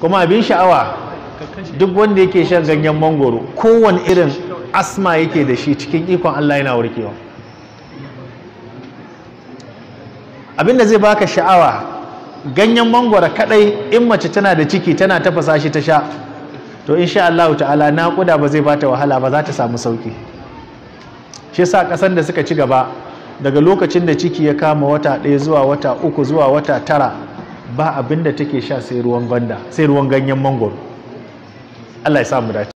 kuma abin sha'awa duk wanda yake shan ganyen mangoro kowane irin asma yake da shi cikin ikon Allah yana warkewa Abin da zai baka sha'awa ganyen mangoro kadai in mace tana da ciki tana tafasa shi ta sha to insha Allah ta'ala naƙuda ba zai bata wahala ba za ta samu sauki shi sa ƙasan da suka ci gaba daga lokacin da ciki ya kama wata ɗaya zuwa wata uku zuwa wata tara ba abin da take sha sai ruwan sai ruwan ganyen mangoro Allah ya sa mu dace